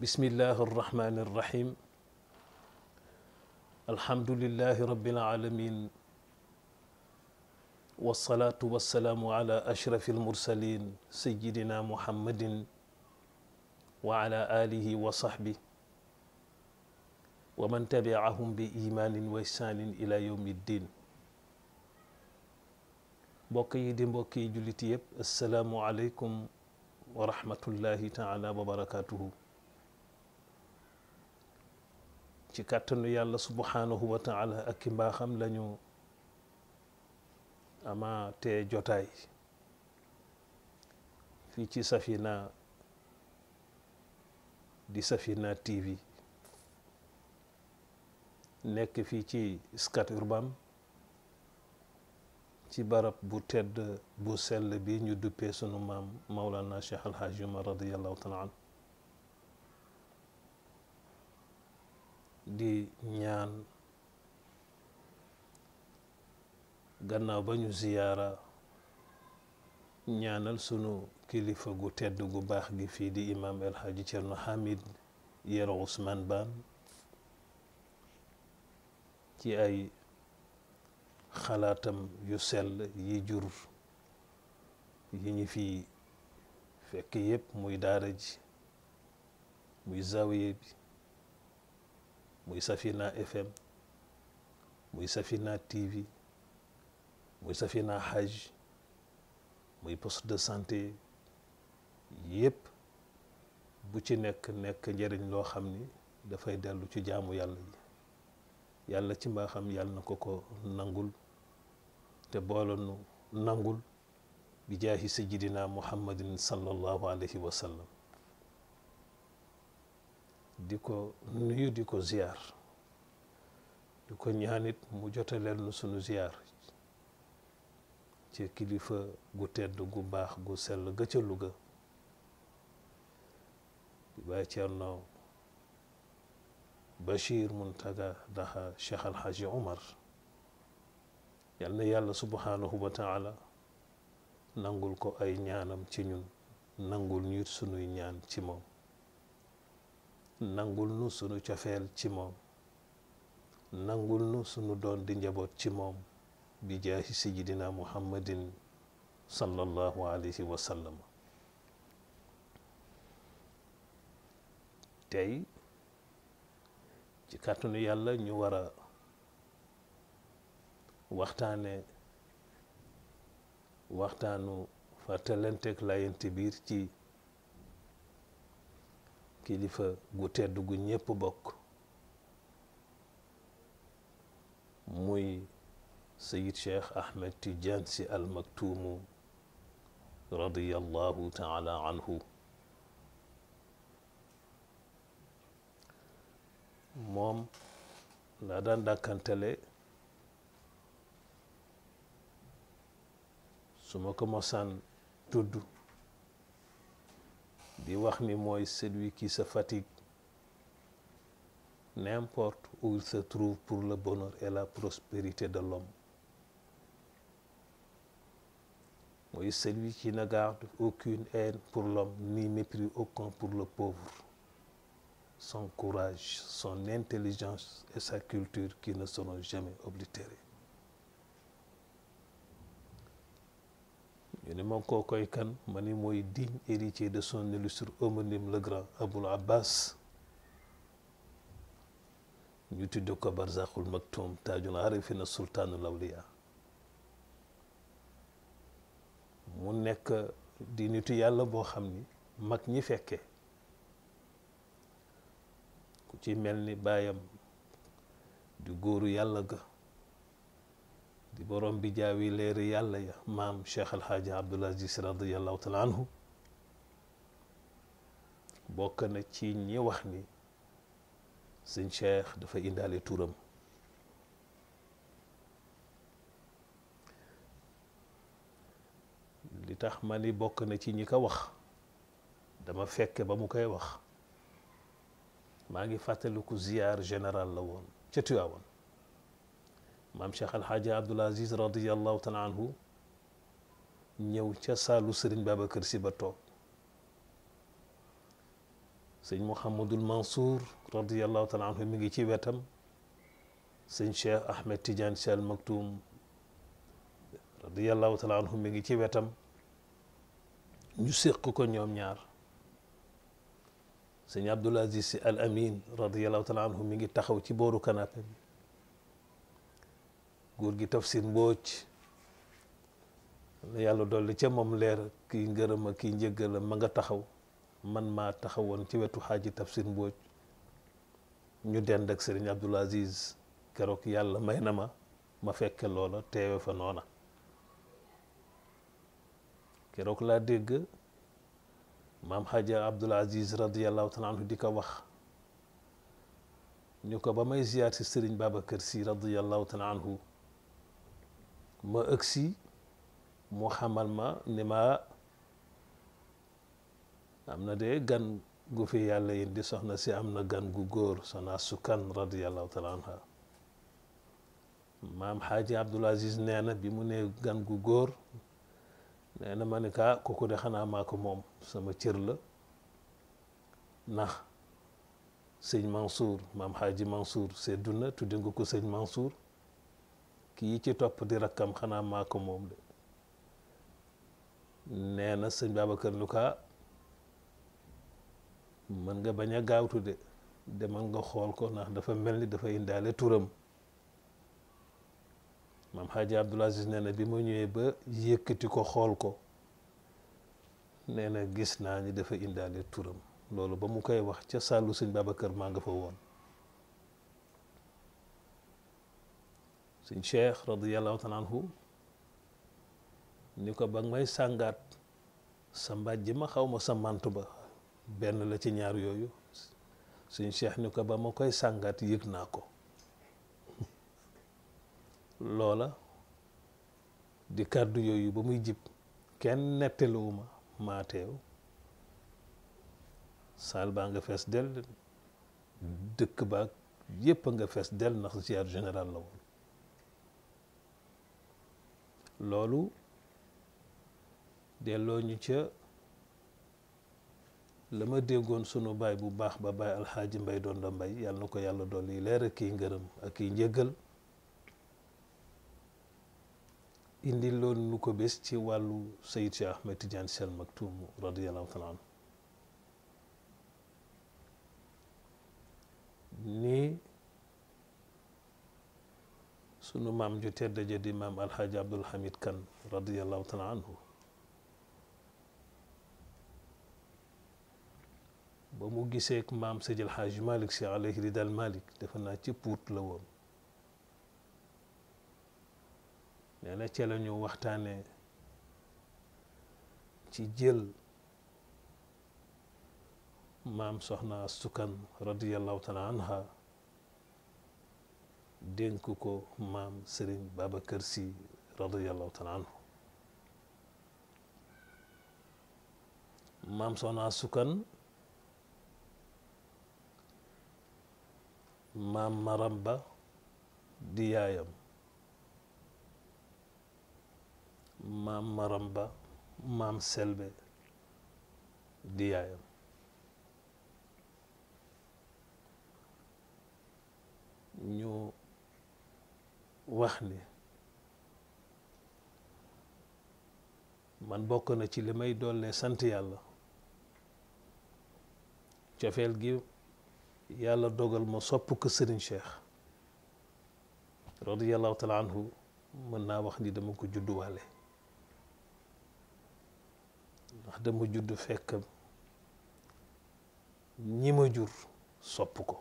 بسم الله الرحمن الرحيم الحمد لله رب العالمين والصلاة والسلام على أشرف المرسلين سيدنا محمد وعلى آله وصحبه ومن تبعهم بإيمان وإحسان إلى يوم الدين mbokk yi di mbokk yi jullit yëpp asalaamualeykum wa rahmatullahi taala wa barakaatuhu ci kàttanu yàlla subhanahu wa taala ak ki mbaaxam la ñu ama tee jotaay fii ci safina di safina tv nekk fii ci scat urbam ci barab bu tedd bu sell bi ñu duppe sunu maam Maulana Cheikh Alhaaj Umar radiallahu taala di ñaan gannaaw ba ñu ziyaara ñaanal sunu kilifa gu tedd gu baax gi fii di imaam El Hadji Cerno Hamid Yero Ousmane Baan ci ay xalaatam yu sell yi jur yi ñu fi fekk yépp muy daara ji muy zawiye bi muy Safina FM muy Safina TV muy Safina Hajj muy poste de santé yépp bu ci nekk nekk njëriñ loo xam ni dafay dellu ci jaamu yàlla yàlla ci mbaaxam yàlla na ko ko nangul تبولن نانغول بجاه سيدنا محمد صلى الله عليه وسلم ديكو نيو ديكو زيار ديكو نيانيت مو جوتالل نو سونو زيار تي كليفا غو تيد غو باخ غو سل غتيلوغا با تيانو بشير منتدى دها شيخ الحاج عمر yal na yàlla subhanahu wa taala nangul ko ay ñaanam ci ñun nangul ñu sunuy ñaan ci moom nangul nu sunu cofeel ci moom nangul nu sunu doon di njaboot ci moom bi jaahi sayidina muhammadin sallallahu alayhi wa tey ci kàttanu ñu war waxtaane waxtaanu fàttalanteeg layante biir ci kilifa gu tedd gu ñépp bokk muy sayid cheikh ahmed tidiane si al maktuumu radiyallahu taala anhu moom laa daan dàkkantale Je commençant tout doux, di wax celui qui se fatigue n'importe où il se trouve pour le bonheur et la prospérité de l'homme suis celui qui ne garde aucune haine pour l'homme ni mépris aucun pour le pauvre son courage son intelligence et sa culture qui ne seront jamais oblitérées ñu ne ma koo koy kan ma ni mooy digne héritier de son illustre homonyme le grand Aboul Abbas ñu tudde ko barzaxul maktum taajul arifina sultaanul awliya mu nekk di nitu yàlla boo xam ni mag ñi fekke ku ci mel ni baayam di góoru yàlla ga di borom bi jaawi leeri yàlla ya maam cheikh alhaaji abdul aziz radiallahu taala anhu bokk na ci ñi wax ni sëñ cheikh dafa indaale turam li tax ma ni bokk na ci ñi ko wax dama fekke ba mu koy wax maa ngi fàttaliku ziar général la woon ca Tiwaawan maam Cheikh Al Hadj Abdoul Aziz radiyallahu taala anhu ñëw ca saalu Serigne Babacar Sy ba toog sëñ Mouhamadul Mansour radiyallahu taala anhu mi ngi ci wetam sëñ Cheikh Ahmed Tidiane Sy Al Maktoum radiyallahu taala anhu mi ngi ci wetam ñu séq ko ñoom ñaar sëñ Abdoul Aziz Sy Al Amin radiyallahu taala anhu mi ngi taxaw ci booru canapé bi góor gi tafsir mbooj yàlla dolli ca moom leer kiy ngërëm a kiy njëggal ma nga taxaw man maa taxawoon ci wetu xaaj tafsir mbooj ñu dend ak sëriñ Abdul Aziz keroog yàlla may na ma ma fekke loola teewe fa noona keroog laa dégg maam xaaja Abdul Aziz radiyallahu taala anhu di ko wax ñu ko ba may ziyaar si sëriñ Babacar si radiyallahu taala anhu ma ëgsi mu xamal ma ni ma am na de gan gu fi yàlla indi soxna si am na gan gu góor soxna Sukan radiyallahu taala anha maam xaaji Abdul Aziz nee na bi mu ne gan gu góor nee na ma ne ka kooku de xanaa maa moom sama cër la ndax sëñ Mansour maam xaaji Mansour seddu na tudde nga ko sëñ Mansour kii ci topp di rakkam xanaa maa ko moom de nee na sëñ kër Luka mën nga bañ a gaawtu de demal nga xool ko nax dafa mel ni dafa indaale turam maam Hadji Abdoul Aziz nee na bi ma ñëwee ba yëkkati ko xool ko nee na gis naa ni dafa indaale turam loolu ba mu koy wax ca sàllu sëñ Babacar maa nga fa woon suñ cheikh radiallahu taala anhu ni ko ba may sàngaat sa mbàjj ma xaw ma sa mant ba benn la ci ñaar yooyu suñ cheikh ni ko ba ma koy sàngaat yëg naa ko loola di kàddu yooyu ba muy jib kenn nettaliwuma maa teew saal baa nga fees dell dëkk baa yépp a nga fees dell ndax ziar général la woon loolu delloo ñu ca lama déggoon sunu baay bu baax ba baay alxaaji mbay doon da mbay yàlla na ko yàlla dolli leer ak kiy ngërëm ak kiy njëggal indi loon nu ko bés ci wàllu sayid cheikh ahmed tidiane sel maktoum radiallahu taala anhu sunu maam ju tedd ja di maam alxaaji abdul hamid kan radiallahu taala anhu ba mu gisee ak maam sëjël xaaj malik si alayhi ridal malik dafa naa ci puut la woon nee na ca la ñu waxtaane ci jël maam soxna sukan radiallahu taala anha dénk ko maam sëriñ Babacar Sy radiallahu taala anhu maam Soxna Sukan maam Maramba di yaayam maam Maramba maam Selbe di yaayam ñu wax ni man bokk na ci li may doole sant yàlla cofeel gi yàlla dogal ma sopp ko Serigne Cheikh radiallahu taala anhu mën naa wax li dama ko judduwaale ndax dama juddu fekk ñi ma jur sopp ko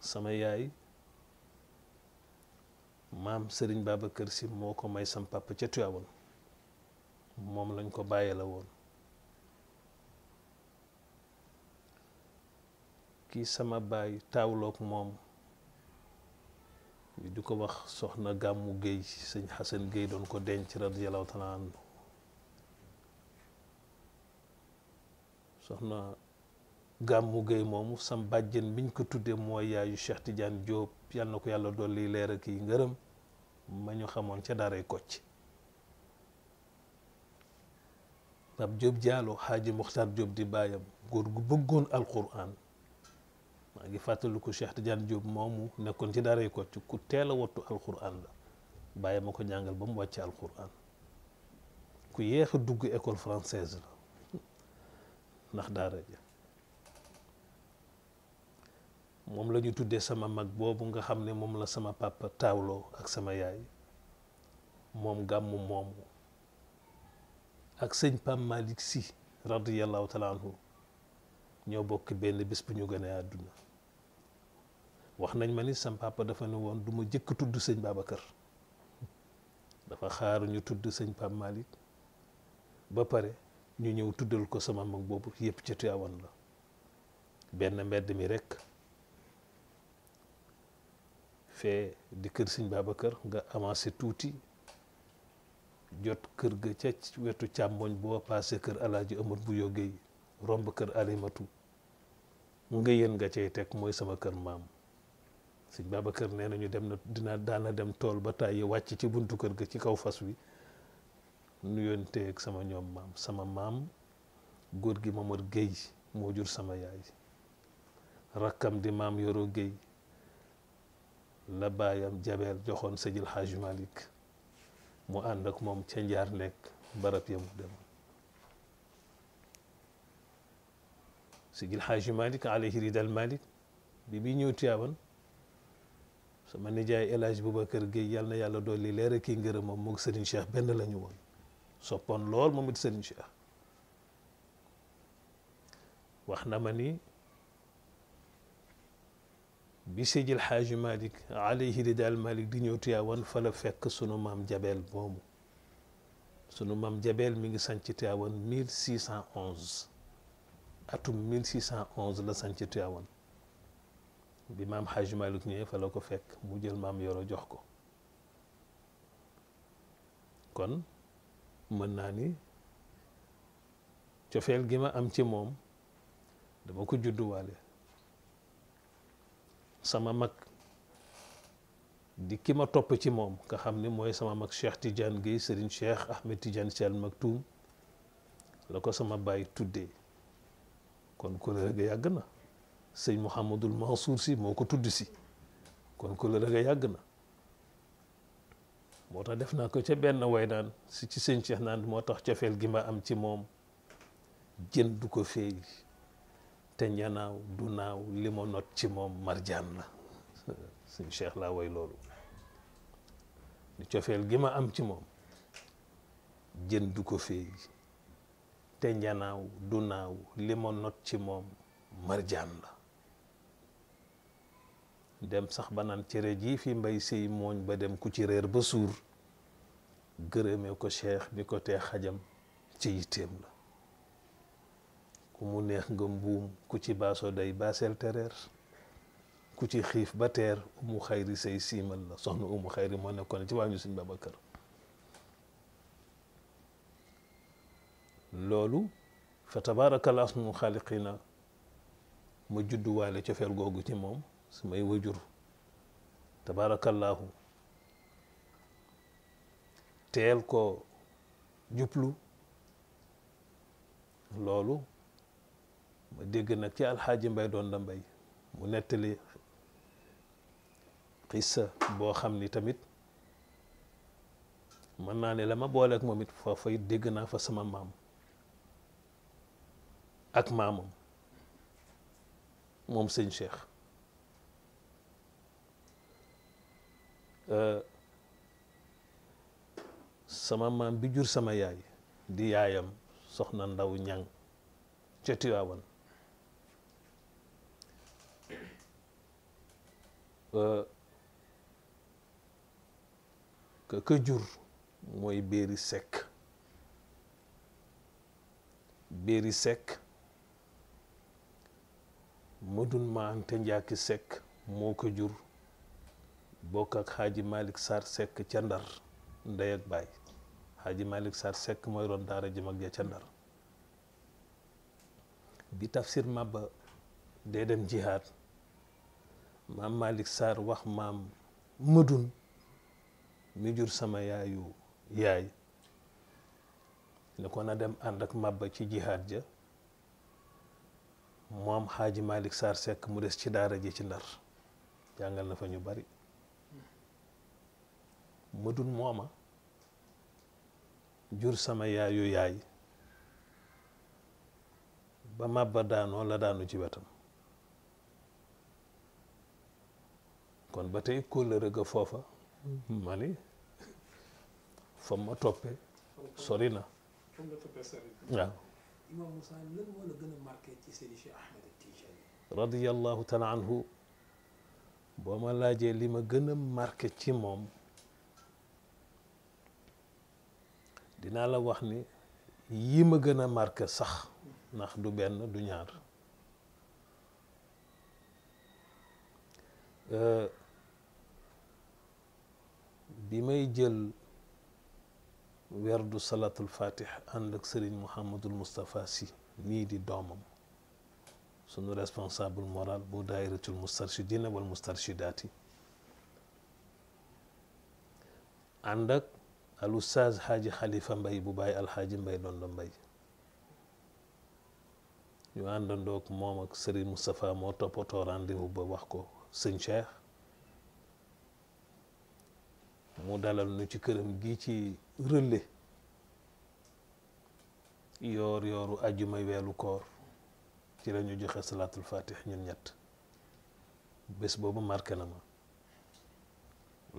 sama yaay maam sëriñ kër Si moo ko may sam ca Tiwaawan moom lañ ko bàyyee la woon kii sama baay taawloog moom ñu di ko wax soxna gàmmu géey sëñ xasan géey doon ko denc radiyallahu taala anhu soxna gàmmu Gueye moomu sam bàjjen biñ ko tuddee mooy yaayu Cheikh Tidiane Diop yal na ko yàlla dolli leer ak yi ngërëm ma ñu xamoon ca daaray Kocc Pape Diop Diallo Xaaji Muxtaar Diop di baayam góor gu bëggoon alquran maa ngi fàttaliku Cheikh Tidiane jóob moomu nekkoon ci daaray Kocc ku teel a wattu alquran la bàyyi ma ko jàngal ba mu wàcce alquran ku yéex a dugg école française la ndax daara ja moom la tuddee sama mag boobu nga xam ne moom la sama papa taawloo ak sama yaay moom gàmmu moomu ak sëñ Pam Malick si radiyallahu taala anhu ñoo bokk benn bés bu ñu gënee àdduna wax nañ ma ni sama papa dafa ne woon du ma jëkk tudd sëñ Babacar dafa xaar ñu tudd sëñ Pam Malick ba pare ñu ñëw tuddal ko sama mag boobu yépp ca Tiwaawan la benn mbedd mi rekk fee di kër sëñ kër nga avancé tuuti jot kër ga ca wetu càmmoñ boo paase kër alaaji Amar bu yogee romb kër alimatu nga yéen nga cay teg mooy sama kër maam sëñ Babacar nee na ñu dem na dina daana dem tool ba tàyyi wàcc ci buntu kër ga ci kaw fas wi nuyontee ak sama ñoom maam sama maam góor gi Mamar Guèye moo jur sama yaay rakkam di maam Yoro Guèye la baayam jabeer joxoon Seydil Hadj Malick mu ànd ak moom ca njaar lekk barab ya mu dem Seydil Hadj Malick alayhi ridal Malick bi bi ñëw Tiwaawan sama nijaay El Hadj Boubacar Guèye yàlla na yàlla dolli leer ak kii ngërëm moom moog Serigne Cheikh benn la ñu woon soppoon lool moom it Serigne Cheikh wax na ma ni. بسجل حاج مالك عليه رداء المالك دينيو تياوان فلا فك سنو مام جبل بومو سنو مام جبل ميغي سانتي تياوان 1611 اتو 1611 لا سانتي تياوان بي مام حاج مالك نيه فلا كو فك مو جيل مام يورو جوخكو كون من ناني تيوفيل غيما ام تي موم دا مكو جودو واليه sama mak di ki ma topp ci mom nga xamni ni sama mag cheikh tidiane gueye serigne cheikh ahmed tidiane sel al maktoum lako sama bàyyi tuddé kon kolëre ga yàgg na sëñ mansour si moko tudd si kon kolëre ga yàgg na moo def naa ko ca benn way naan ci serigne cheikh nan motax ci fel gi am ci mom jënd ko feyi te ñanaaw du ci moom marjaan la suñ cheikh laa way loolu cofeel gi ma am ci moom jën du ko feey te ñanaaw du naaw li ci moom marjaan la dem sax ba naan cere ji fi mbay siy mooñ ba dem ku ci réer ba suur gërëmee ko cheikh mi ko tee xajam ci yitteem la ku mu neex nga mbuum ku ci baaso day baaseel tereer ku ci xiif ba teer umu xayri say siimal la soxna umu xayri moo nekkoon ci waa ñu ba Babacar loolu fa tabaarakal ahsanul xaaliqiina ma judduwaale cofeel googu ci moom samay wajur tabaarakallaahu teel ko jublu loolu ma dégg nag ci alxaaji mbay doon da mbay mu nettali xissa boo xam ni tamit mën naa ne la ma booleeg moom it foofa it dégg naa fa sama maam ak maamam moom sëñ Cheikh euh, sama maam bi jur sama yaay di yaayam soxna ndaw ñang ca ka ka jur mooy Béri Seck Béri Seck Madun Maante Njaaki Seck moo ko bokk ak Xaaji Malick Sarr Seck ca Ndar ndey ak baay Xaaji Malick Sarr Seck mooy ron daara ji mag ja ca Ndar bi tafsir Maba dee dem jihaad maam Malick Sarr wax maam Madoun mi jur sama yaayu yaay ne ko na dem ànd ak mabba ci jihaad ja moom xaaji Malick saar Seck mu des ci daara ji ci ndar jàngal na fa ñu bari Madoun mooma jur sama yaayu yaay ba mabba daanoo la daanu ci wetam kon ba tey kóllëre ga foofa ma ni fa ma toppee sori na waaw imam Moussa lan moo la gën a marqué ci Seydi Cheikh Ahmed Tidiane radiallahu taala anhu boo ma laajee li ma gën a marqué ci moom dinaa la wax ni yi ma gën a marqué sax ndax du benn du ñaar بيمي جيل ويردو صلاة الفاتح عندك سرين محمد المصطفى سي ميدي دومم سنو ريسبونسابل مورال بو دائرة المسترشدين والمسترشدات عندك الأستاذ حاجي خليفة مباي بباي الحاجي مباي دون مباي يو عندن دوك مومك سرين مصطفى موتو بطوران ديو بواحكو سنشيخ mu dalal nu ci këram gi ci relais yoor yooru ajjuma weelu koor ci lañu joxe salaatul fatih ñun ñett bés boobu marqué na ma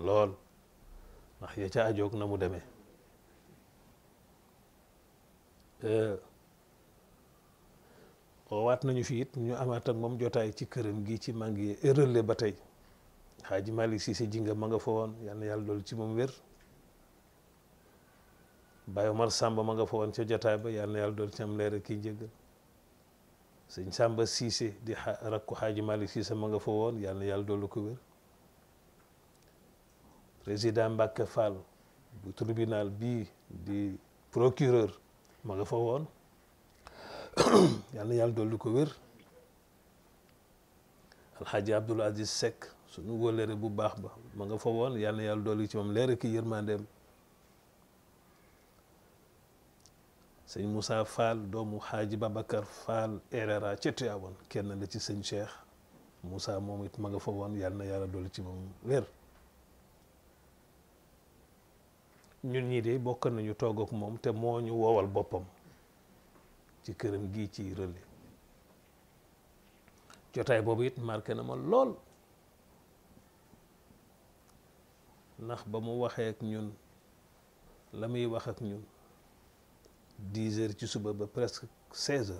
lool ndax ya ca ajoog na mu demee xoowaat nañu fi it ñu amaat moom jotaay ci këram gi ci mangi relais ba tey Xaaji Malick Cissé jinga ma nga fa woon yal na yàlla doolu ci moom wér Baye Omar Samba ma nga fa woon ca jotaay ba yàlla dool ci am leer kii jéggal sëñ Samba Cissé di rakku Xaaji Malick Cissé ma nga fa woon yal na yàlla doolu ko wér président Mbacke yàlla doolu ko wér Alxaaji Abdoul Aziz Seck suñu wóllëre bu baax ba ma nga fa woon yàlla yàlla dolli ci moom leer ki yërmandeem sëñ musaa Fall doomu xaaji Babacar Fall RRA ca Tivaouane kenn la ci sëñ Cheikh musaa moom it ma nga fa woon yàlla na yàlla dolli ci moom wér ñun ñii de bokk nañu toog ak moom te moo ñu woowal boppam ci këram gi ci relais jotaay boobu it marqué na ma lool ndax ba mu waxee ak ñun la muy wax ak ñun dix ci suba ba presque seize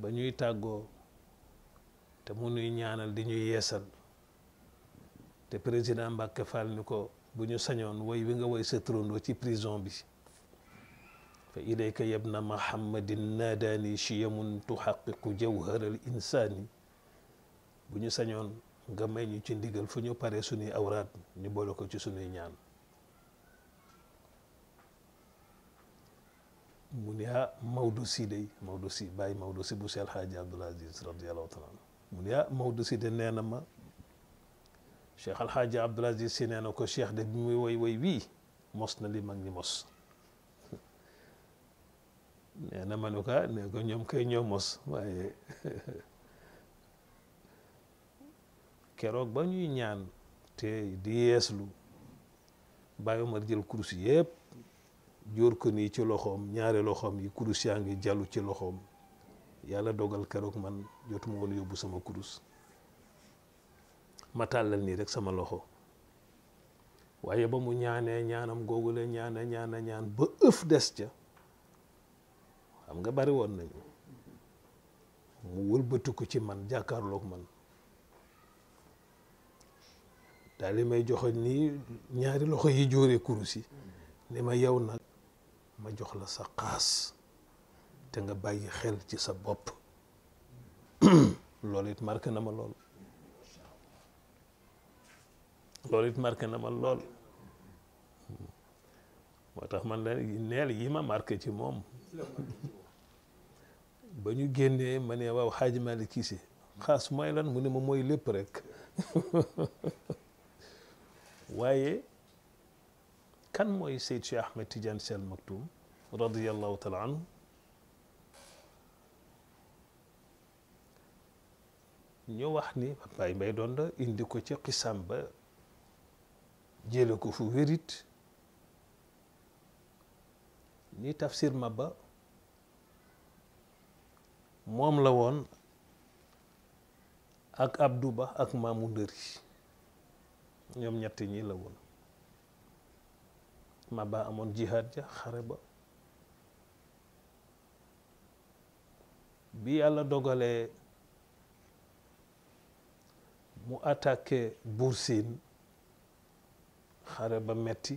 ba ñuy tàggoo te mu nuy ñaanal di ñuy yeesal te président Mbacke Fall ko bu ñu sañoon woy wi nga woy sa turandoo ci prison bi fa ilayka yabna mahammadin naadaani chiyamun tuxaqiqu jawhara al insaani bu ñu sañoon nga may ñu ci ndiggal fu ñu paree suñuy awraat ñu boole ko ci suñuy ñaan mun ne ah Maodo si day Maodo si bàyyi Maodo si bu Seex Alxaaji Abdul Aziz radiyallaahu taala mu ne ah Maodo si de nee na ma Cheikh Alxaaji Abdul Aziz si nee na ko Cheikh de bi muy woy woy wii mos na li mag ñi mos nee na ma ne ko ah, ne ko ñoom kay ñoo mos waaye keroog ba ñuy ñaan te di yeeslu Baye Omar jël kurus yépp jóor ko nii ci loxoom ñaare loxoom yi kurus yaa ngi jàllu ci loxoom yàlla dogal keroog man jotuma woon yóbbu sama kurus ma tàllal nii rek sama loxo waaye ba mu ñaanee ñaanam googu la ñaana ñaana ñaan ba ëf des ca xam nga bariwoon woon nañu mu wëlbatiku ci man jàkkaarloog man daal di may jox nii ñaari loxo yi jóore kurus yi ni ma yow nag ma jox la sa xaas te nga bàyyi xel ci sa bopp loolu it marqué na ma lool loolu it na ma lool moo tax man la neel yi ma marqué ci moom ba ñu génnee ma ne waaw xaaji Malick Cissé xaas mooy lan mu ne ma mooy lépp rek waaye kan mooy Seyd Cheikh Ahmed Tidiane Sy Al Maktoum radiyallahu taala anhu ñu wax ni Baye Mbaye Donde indi ko ci xisam ba jële ko fu wérit ni tafsir ba moom la woon ak Abdou Ba ak Mamou Ndëri ñoom ñetti ñi la woon Maba amoon jihaad ja xare ba bi yàlla dogalee mu attaqué Buur xare ba metti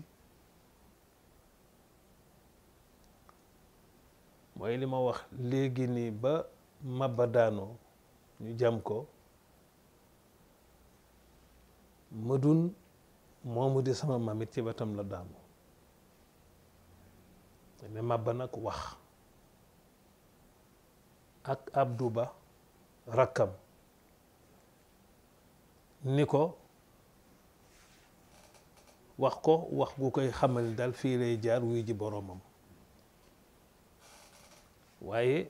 mooy li ma wax léegi nii ba Maba ñu jam ko مدن مومودي سما مامتي باتام لا دامو ني ما بناك واخ اك عبدوبا ركم نيكو واخكو واخ غوكاي خمال دال في لي جار وي جي بوروم واي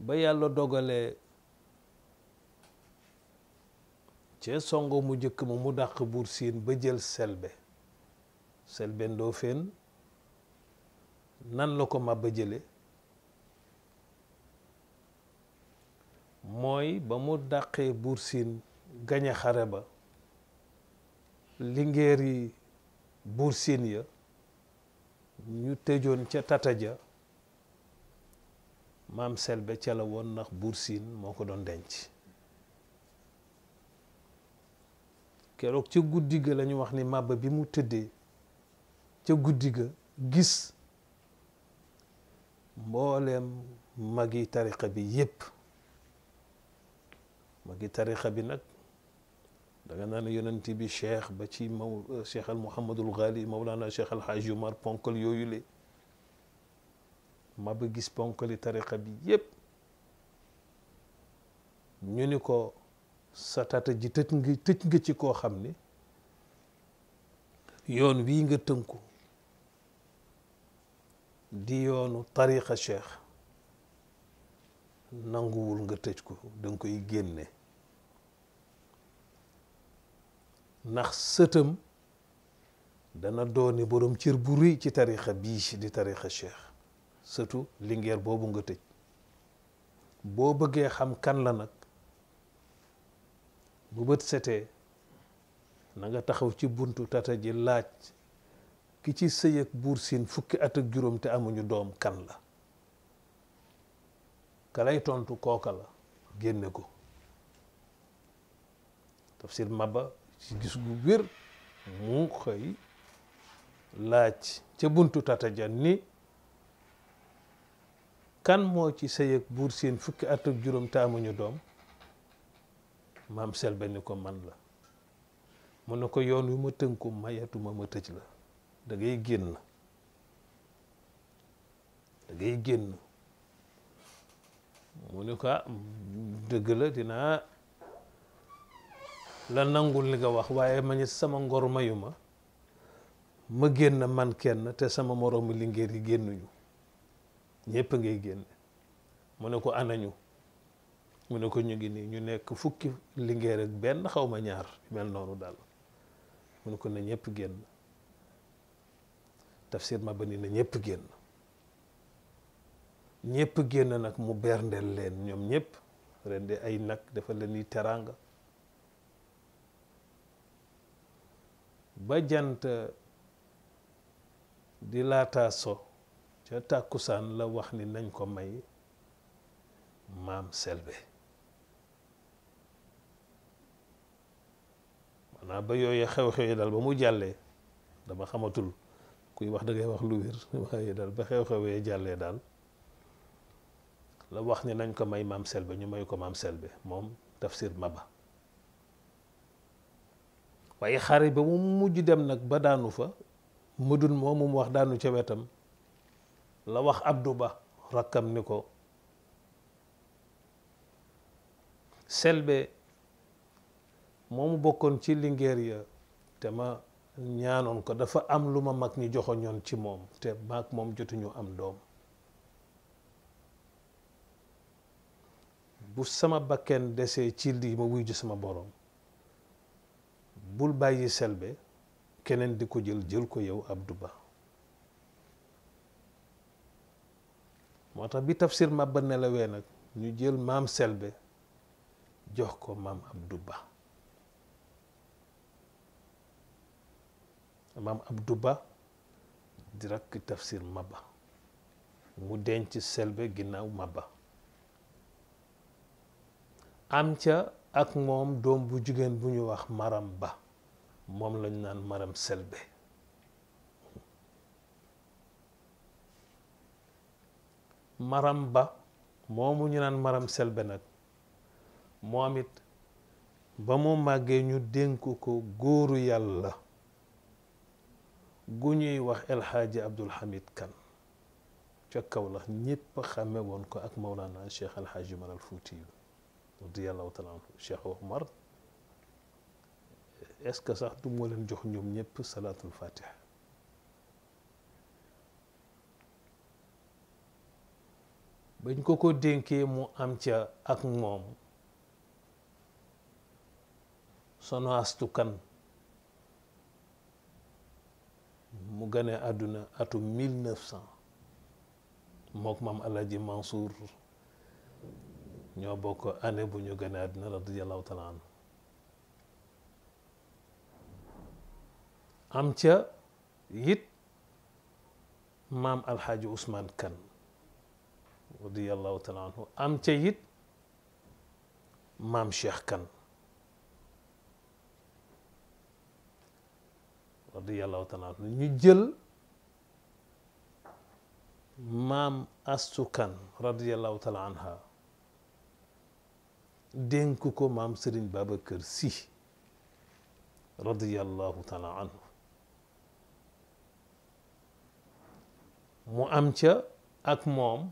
ba yàlla dogalee cee songo mu njëkk ma mu dàq buur siin ba jël selbe selbe ndoofeen nan la ko màbba jële mooy ba mu dàqee buur siin gañe xare ba lingeer yi buur siin ya ñu tëjoon ca tata ja maam Selbé ca la woon ndax buur siin moo ko doon denc keroog ca guddi ga la ñu wax ni màbba bi mu tëddee ca guddi ga gis mbooleem magi tariqa bi yépp magi tariqa bi nag danga naan yonent bi cheikh ba ci maw cheikh al mouhamadul ghali mawlaana cheikh alhaaj Umar ponkal yooyu le ma ba gis ponkali tariqa bi yépp ñu ni ko sa tata ji tëj nga ci koo xam ni yoon wii nga tënku di yoonu tariqa cheikh nanguwul nga tëj ko danga koy génne ndax sëtam dana dooni boroom cër bu réy ci tariqa bii di tariqa cheikh surtout lingeer boobu nga tëj boo bëggee xam kan la nag bu na nga taxaw ci buntu tata ji laaj ki ci sëy ak buur siin fukki at ak juróom te amuñu doom kan la ka lay tontu la ko tafsir maba ci gis gu wér mu xëy laaj buntu tata ja ni kan moo ci sëy ak buur seen fukki at ak juróom taamuñu doom maam selbe ni ko man la mu ne ko yoon wi ma tënku mayatuma ma tëj la da génn da génn mu ne ko ah, dëgg la dinaa la nangul li nga wax waaye ma ñu sama ngor mayu ma ma génn man kenn te sama moroomu lingéer yi génnuñu ñëpp ngay génn mu ne ko anañu mu ne ko ñu ngi nii ñu nekk fukki lingeer ak benn xaw ma ñaar mel noonu daal mu ne ko na ñépp génn tafsir ma ba ni na ñëpp génn ñépp génn nag mu berndeel leen ñoom ñëpp rende ay nag dafa leen di teraanga ba jant di laataa so ca tàkkusaan la wax ni nañ ko may maam selbe maanaam ba yooyu xew-xew yi daal ba mu jàllee dama xamatul kuy wax da ngay wax lu wér waaye daal ba xew-xew yee jàllee daal la wax ni nañ ko may maam selbe ñu may ko maam selbe moom tafsir maba waaye xare ba mu mujj dem nag ba daanu fa mudun moomu mu wax daanu ca wetam la wax Abdou duba rakkam ni ko Selbé moomu bokkoon ci lingeer ya te ma ñaanoon ko dafa am lu ma mag ñi joxoñoon ci moom te maag moom jotuñu am doom bu sama bakken desee ci lii ma wuy ju sama borom bul bàyyi Selbé keneen di ko jël jël ko yow ab duba moo tax bi tafsir Maba nelawee nag ñu jël maam Selbe jox ko maam Abdou Ba maam ab Ba di rakk tafsir mu denc Selbe ginnaaw Maba am ca ak moom doom bu jigéen bu ñu wax Maram Ba moom lañ naan Maram Selbe maram ba momu ñu nan maram selbe nak momit ba mo magge ñu dénk ko goru yàlla gu ñuy wax El Hadji abdul Hamid Kane ca Kawlax ñépp xamé won ko ak Mawlana Cheikh El Hadji Umar al Fuuti yu radiyallahu taala anhu Cheikh Omar est-ce que sax du moo leen jox ñoom ñépp salaatul fatiha bañ ko ko dénkee mu am ca ak moom sono astukan mu gane aduna atu 1900 mok mam alaji mansour ño bokk année bu ñu gane aduna radiyallahu taala am ca yit mam alhaji ousmane kan radiallahu taala anhu am ca it maam Cheikh Kan radiallahu taala anhu ñu jël maam Astu Kan radiallahu taala anha dénk ko maam Serigne Babacar Sy radiallahu taala anhu mu am ca ak moom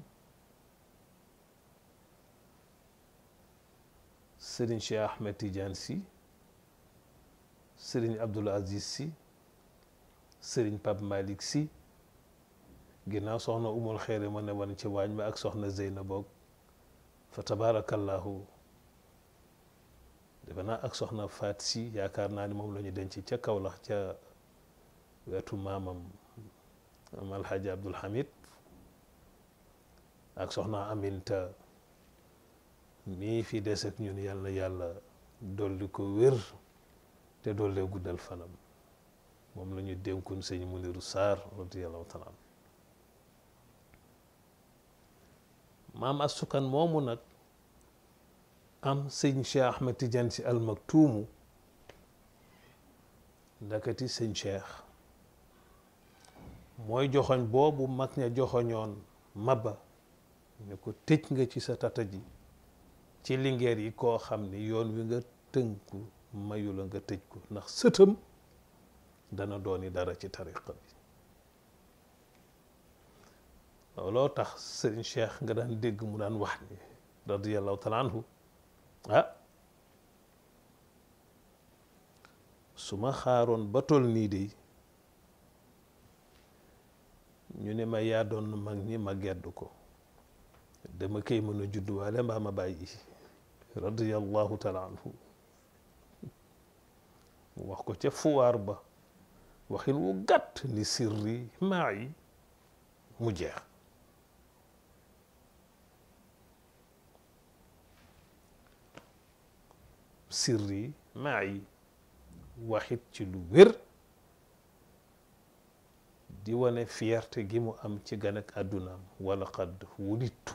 sëriñ Cheikh Ahmed Tidiane si sëriñ Abdoul Aziz si sëriñ Pape Malick si ginnaaw soxna umul xeere ma ne woon ci waañ ma ak soxna Zeyna boog fa tabaarakallahu defe naa ak soxna Faat si yaakaar naa ni moom la ñu ci ca Kawlax ca wetu maamam am Abdul Hamid ak soxna Aminta mi fi deset ak ñun yal yalla doli dolli ko wër te dollee guddal fanam mom lañu denkun dénkoon Muniru Saar radiyallahu taala mam asukan momu nak am sëñ Cheikh Ahmed Tidiane si maktoum ndakati sëñ Cheikh moy joxogn bobu magna joxognon maba ne ko tëj nga ci sa tata ci lingeer yi koo xam ni yoon wi nga tënku mayu la nga tëj ko ndax sëtam dana dooni dara ci tariqa bi looloo tax sëriñ Cheikh nga daan dégg mu daan wax ni radiallahu taala anhu ah su ma xaaroon ba tol nii de ñu ne ma yaa doon mag ñi ma gedd ko dama koy mën a judduwaale mbaa ma bàyyi radiyallahu taala anhu wax ko ca fuwaar ba waxin wu gàtt li sirri maa yi mu jeex sirri maa yi waxit ci lu wér di wane fierté gi mu am ci gan ak àddunaam wala qad wulittu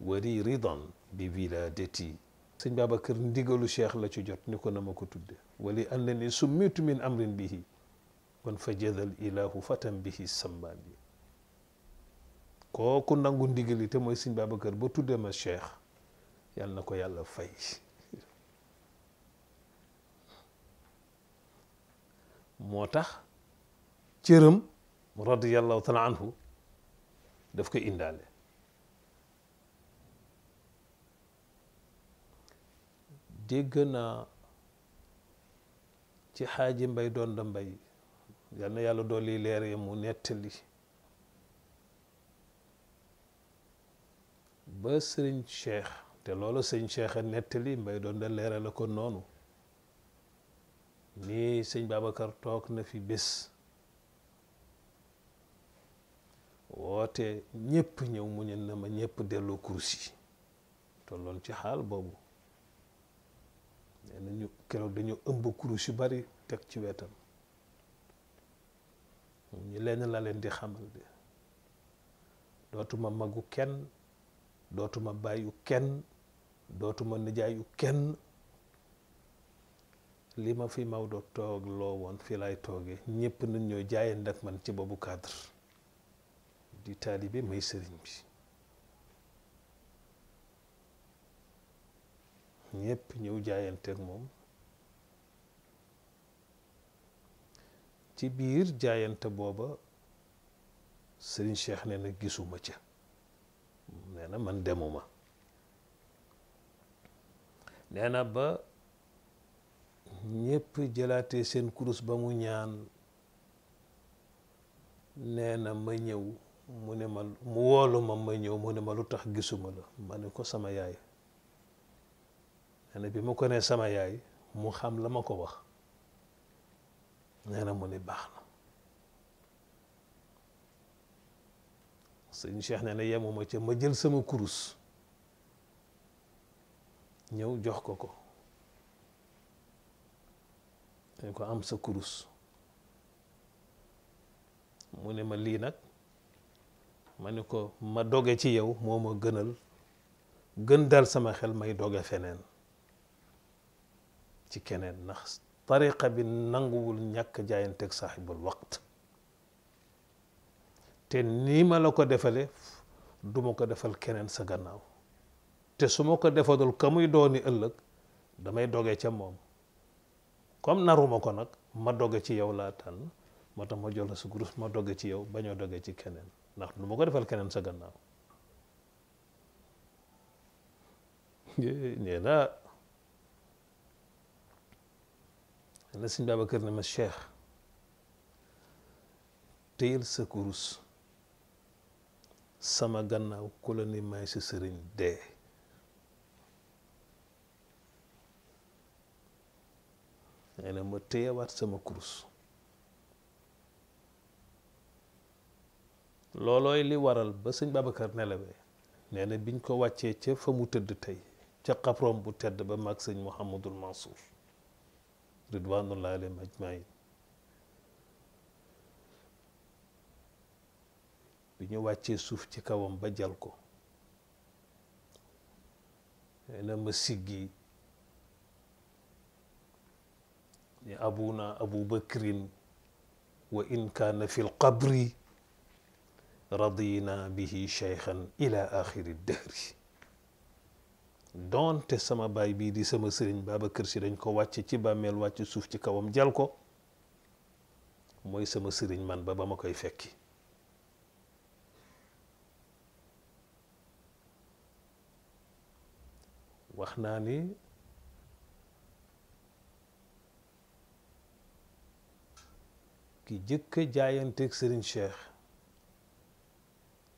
wari ridan bi wiladati sëñ Babacar ndigalu cheikh la ci jot ni ko na ma ko tudde wali anna ni summitu min amrin bihi kon fa jadal ilahu fatan bihi samban bi kooku nangu ndigali te mooy sëñ Babacar ba tudde ma cheikh yàlla na ko yàlla fay moo tax cëram radiyallahu taala anhu daf ko indaale dégg naa ci xaaji mbay doon da mbay yal na yàlla dolli leere mu nettali ba sëriñ cheikh te loolu sëñ cheikh a nettali mbay doon da leere la ko noonu nii sëñ Babacar toog na fi bés woote ñépp ñëw mu ñen na ma ñépp dellu kursi tolloon ci xaal boobu nee nañu keroog dañu ëmb kurus yu bari teg ci wetam ñu lenn la leen di xamal de dootuma magu kenn dootuma bàyyu kenn dootuma nijaayu kenn li ma fi Maodo toog loo woon fi lay tooge ñépp nañ ñoo jaayeen nag man ci boobu cadre di taalibe may sëriñ bi ñëpp ñëw ak moom ci biir jaayante booba sëriñ Cheikh nee gisuma ca nee na man demuma nee na ba ñépp jëlaatee seen kurus ba mu ñaan nee na ma ñëw mu ne ma mu ma ñëw mu ne ma lu tax gisuma la mane ko sama yaay nee bi ma ko nee sama yaay mu xam la ma ko wax nee na mu ni baax na sëñ Cheikh nee na yemuma ca ma jël sama kurus ñëw jox ko ko dañ ko am sa kurus mu ne ma lii nag ma ne ko ma doge ci yow moo ma gënal gën daal sama xel may doge feneen ci keneen ndax tariqa bi nanguwul ñàkk jaayanteeg saaxibul waqt te nii ma la ko defalee du ma ko defal keneen sa gannaaw te su ma ko defalul ka muy dooni ëllëg damay doge ca moom comme naruma ko nag ma doge ci yow laa tànn moo tax ma jola su gurus ma doge ci yow bañoo doge ci keneen ndax du ma ko defal keneen sa gannaaw la sëñ Babacar ne ma cheikh téyel sa kurus sama gannaaw ku la ni may sa sëriñ dee nee ma téyewaat sama kurus loolooy li waral ba sëñ Babacar nelawee nee na biñ ko wàccee ca fa mu tëdd tey ca xabrom bu tedd ba mag sëñ Mouhamadul Mansour رضوان الله عليهم اجمعين بنيو واتشي سوف تي كاوم انا مسجي. يا ابونا ابو بكر وان كان في القبر رضينا به شيخا الى اخر الدهر doonte sama baay bii di sama sëriñ kër Si dañ ko wàcc ci bàmmeel wàcc suuf ci kawam jal ko mooy sama sëriñ man ba ba ma koy fekki wax naa ni ki jëkk jaayanteeg sëriñ Cheikh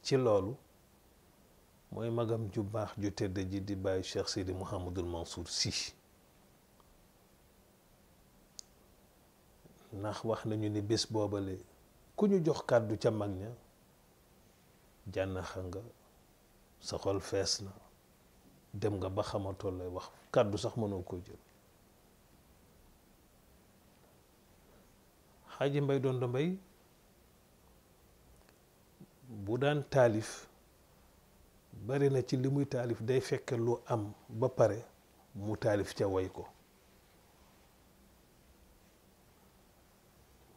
ci loolu mooy magam ju baax ju tedd ji di bàyyi Cheikh Sidi Mouhamadul Mansour Sy ndax wax nañu ni bés boobale ku ñu jox kàddu ca mag ña jànnaxa nga sa xol fees na dem nga ba xamatoo lay wax kàddu sax mënoo ko jël xaaji mbay doon da mbay bu daan taalif bari na ci li muy taalif day fekk lu am ba pare mu taalif ca woy ko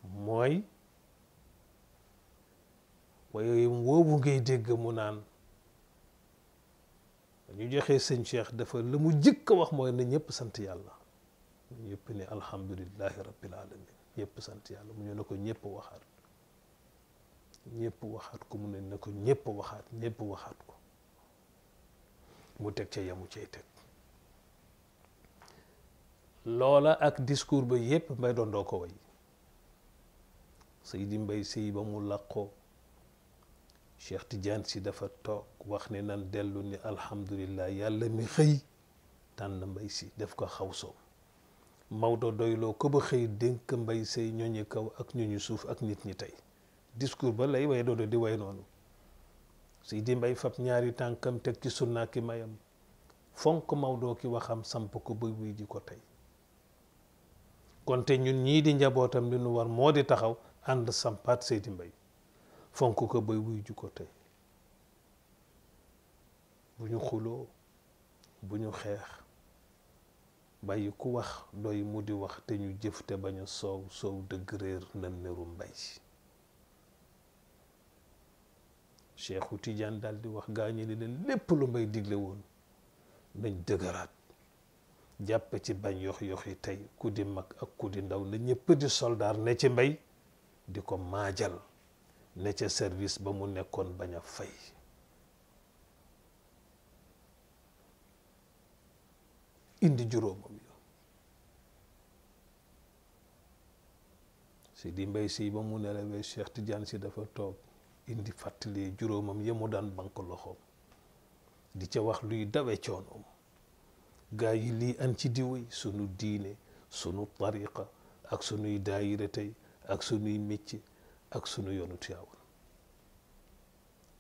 mooy waaye woowu ngay dégg mu naan ñu joxe sëñ Cheikh dafa la mu jëkk wax mooy na ñëpp sant yàlla ñëpp ni alhamdulillahi rabbil alamin ñëpp sant yàlla mu ne na ko ñëpp waxaat ñëpp waxaat ko mu ne ko ñëpp waxaat ñépp waxaat mu teg ca yamu cay teg loola ak diskuur ba yépp mbay doon doo ko way Seydi Mbay Sy ba mu làqoo Cheikh Tidiane si dafa toog wax ne nan dellu ni alhamdulillah yàlla mi xëy tànn Mbay si def ko xaw soo Maodo doyloo ko ba xëy dénk Mbay Sy ñooñu kaw ak ñu suuf ak nit ñi tey discours ba lay way doodo di way noonu Seydi Mbay fab ñaari tànkam teg ci sunna ki mayam fonk Maodo ki waxam samp ko ba wii ji ko tey kon te ñun ñii di njabootam li nu war moo di taxaw ànd sampaat Seydi Mbay fonk ko ba wii ji ko tey bu ñu xuloo bu ñu xeex bàyyi ku wax doy mu di wax te ñu jëf te bañ a soow soow dëgg réer nan meru Cheikhu Tidiane daldi wax gaa ñu ni leen lépp lu mbay digle woon dañ dëgëraat jàpp ci bañ yox yox yi tey ku di mag ak ku di ndaw na ñëpp di soldaar ne ci mbay di ko maajal ne ca service ba mu nekkoon bañ a fay indi juróomam yo si di mbay si ba mu ne nelawee Cheikh Tidiane si dafa toog indi fàttali juróomam ya mu daan bank loxoom di ca wax luy dawe coonoom gaa yi lii an ci diw yi sunu diine sunu tariqa ak sunuy daayira tey ak sunuy métier ak sunu yoonu Tiwaawan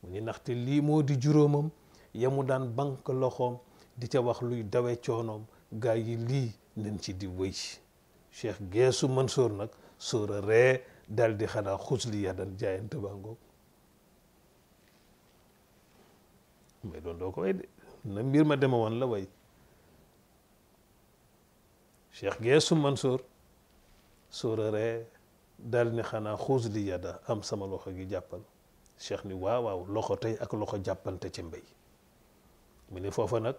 mu ni ndaxte lii moo di juróomam ya mu daan bank loxoom di ca wax luy dawe coonoom gaa yi lii nañ ci di wéy Cheikh Geesu man soor nag sóora ree dal di xanaa xusli ya daan jaayante baa mais doon doo ko way de na mbir ma dema woon la way cheikh geesu Mansour sóoraree daal ni xanaa xuus li yada am sama loxo gi jàppal cheikh ni waaw loxo tey ak loxo jàppante ci mbéy mu ne foofa nag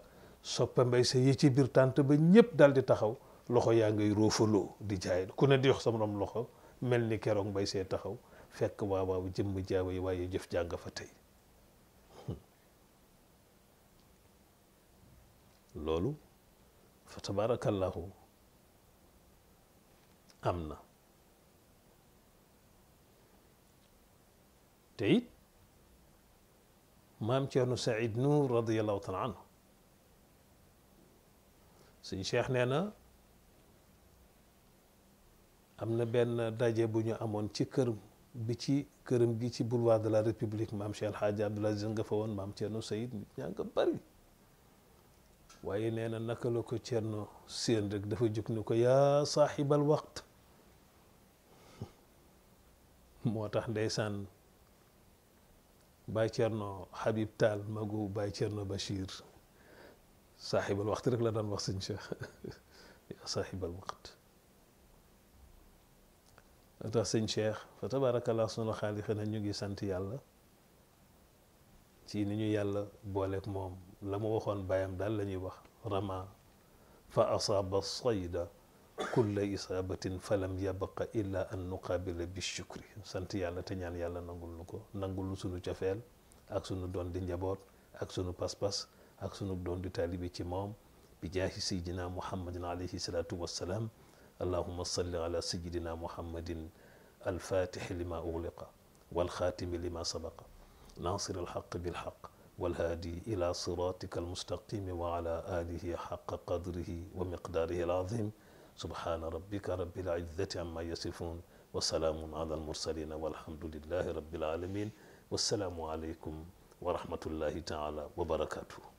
soppa mbéy sa yi ci biir tànt ba ñépp daal di taxaw loxo yaa ngay róofaloo di jaay ku ne di yox sama rom loxo mel ni keroog mbéy see taxaw fekk waaw waaw jëmm yi waaye jëf jàng fa tey لولو فتبارك الله امنا تيت مام تيانو سعيد نور رضي الله تعالى عنه سي شيخ نانا امنا بن داجي بونو امون تي كير بيتي كيرم بي تي بولوار دو لا ريبوبليك مام شيخ الحاج عبد الله زنگفون مام تيانو سعيد نيانغا بري وين أنا نكلو كتيرنو سيندك دفو جكنوكو يا صاحب الوقت موتاح ديسان بايتيرنو حبيب تال مغو بايتيرنو بشير صاحب الوقت رك انا بخصنشا يا صاحب الوقت أنت سين شيخ فتبارك الله سنو خالقنا نيوغي سانتي يالا تي نيو يالا بوالك موم la mu waxoon bàyyam daal la ñuy wax rama fa asaaba sayda kulla isaabatin falam yabqa illa an nuqaabila bi shukri sant yàlla te ñaan yàlla nangul nu ko nangul nu sunu cofeel ak sunu doon di njaboot ak sunu pas-pas ak sunu doon di taalibi ci moom bi jaahi sayyidina muhammadin alayhi salaatu wassalaam allahuma salli ala sayyidina muhammadin alfatixi lima ugliqa والخاتم لما سبق ناصر الحق بالحق والهادي إلى صراطك المستقيم وعلى آله حق قدره ومقداره العظيم سبحان ربك رب العزة عما يصفون وسلام على المرسلين والحمد لله رب العالمين والسلام عليكم ورحمة الله تعالى وبركاته